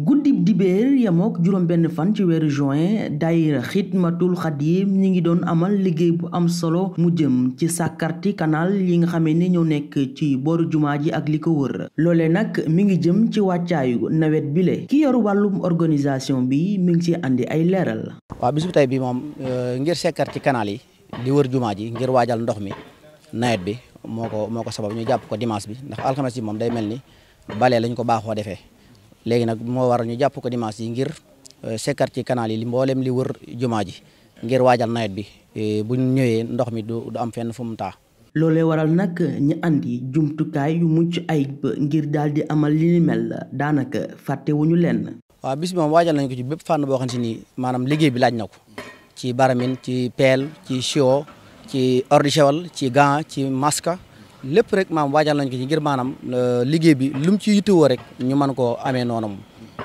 guddi dibéer yamook juróom benn fan ci weeru juin daayira xidmatul yi ñi ngi doon amal liggéey bu am solo mu jëm ci sàkkarti canal yi nga xamee ni ñoo nekk ci booru jumaa ji ak li ko wër loole nag mi ngi jëm ci wàccaayu nawet bi le ki yor wàllum organisation bi mu ngi ci andi ay leeral waaw bisu tey bi moom euh, ngir sàkkarti canal yi di wër jumaa ji ngir waajal ndox mi nawet bi moo ko moo ko sabab ñu jàpp ko dimanche bi ndax alxames bi moom day mel ni bale lañ ko baaxoo defee léegi nag moo waral ñu jàpp ko dimanche yi ngir euh, sekkar ci canal li mboolem li wër jumaa ji ngir waajal nawet bi euh, bu ñu ñëwee ndox mi du du am fenn fu mu taa. loolee waral nag ñu andi jumtukaay yu mucc ayib ngir daal di amal li ni mel daanaka fàttewuñu lenn. waaw bis bi moom waajal nañ ko ci bépp fànn boo xam si ni maanaam liggéey bi laaj na ko ci baramine ci peel ci sio ci ordi ci gant ci maska lépp rek maam waajal nañ ko ci ngir maanaam euh, liggéey bi lu mu ci yittewoo rek ñu mën koo amee noonu moom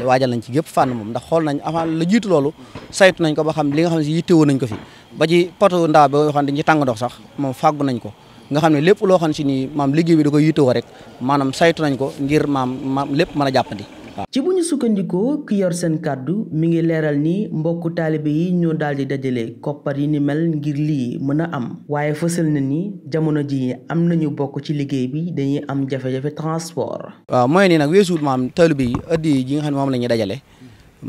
waajal nañ ci gépp fànn mom ndax xool nañ avant la jiitu loolu saytu nañ ko ba xam li nga xam ne si yittewoo nañ ko fi ba ci poto ndaa ba yoo xam ne sax moom fàggu nañ ko nga xam ne lépp loo xam si ni maam liggéey bi da koy yittewoo rek maanaam saytu nañ ko ngir maam maam lépp mën a jàppandi ci bu ñu sukkandikoo ki yor seen kàddu mi ngi leeral nii mbokku taalibe yi ñoo daal di dajale koppar yi ni mel ngir lii mën a am waaye fësal na ni jamono ji am nañu bokk ci liggéey bi dañuy am jafe-jafe transport. waaw mooy ni nag weesuut maam taalibe yi addi ji nga xam ne moom lañuy ñuy dajale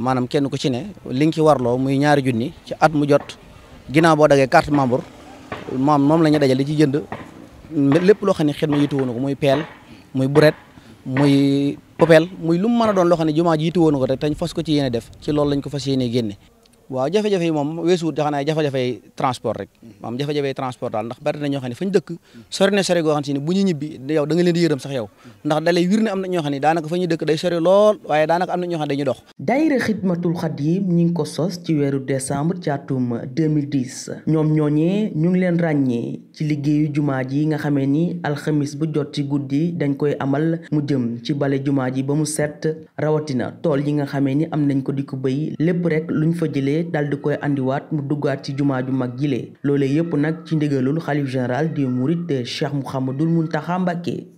maanaam kenn ku ci ne li nga ci warloo muy ñaari junni ci at mu jot ginnaaw boo dagee carte membre maam moom la ñuy dajale ci jënd lépp loo xam ne xet ma yitu woon ko muy peel muy buret muy popeel muy lu mu doon loo xam ne jumaa jiitu woon ko rek tañ fas ko ci yéene def ci loolu lañ ko fas yéene génne waaw jafe-jafe moom weesuwut da xanaa jafe-jafe yi transport rek maam jafe-jafe transport daal ndax bari na ñoo xam ne fañ dëkk sori na sori goo xam si ne bu ñu ñibbi yow da nga leen di yërëm sax yow ndax dalay wir am na ñoo xam ne daanaka fa ñuy dëkk day sori lool waaye daanaka am na ñoo xam ne dañuy dox daayira xidmatul xadim ñi ngi ko sos ci weeru décembre ci atum 2010 ñoom ñooñee ñu ngi leen ràññee ci liggéeyu jumaa ji nga xamee ni alxamis bu jot ci guddi dañ koy amal mu jëm ci bale jumaa ji ba mu set rawatina tool yi nga xamee ni am nañ ko di ko béy lépp rek luñ fa jëlee jëlee daal di koy andiwaat mu duggaat ci jumaa ju mag jile loolee yépp nag ci ndigalul xalif général di murit Cheikh Mouhamadoul Mountakha Mbacké